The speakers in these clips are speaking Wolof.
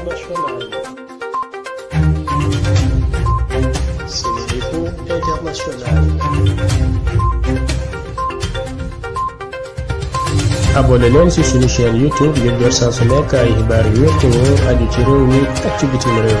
internationale. C'est l'info internationale. abonné leen ci suñu chaîne YouTube ngir jot saa su nekk ay xibaar yu wér te wóor aju ci réew mi ak ci bitim réew.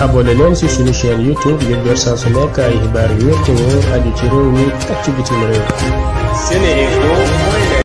abonné leen ci suñu chaîne YouTube ngir jot saa su nekk yu wér te wóor aju ci réew mi ak ci bitim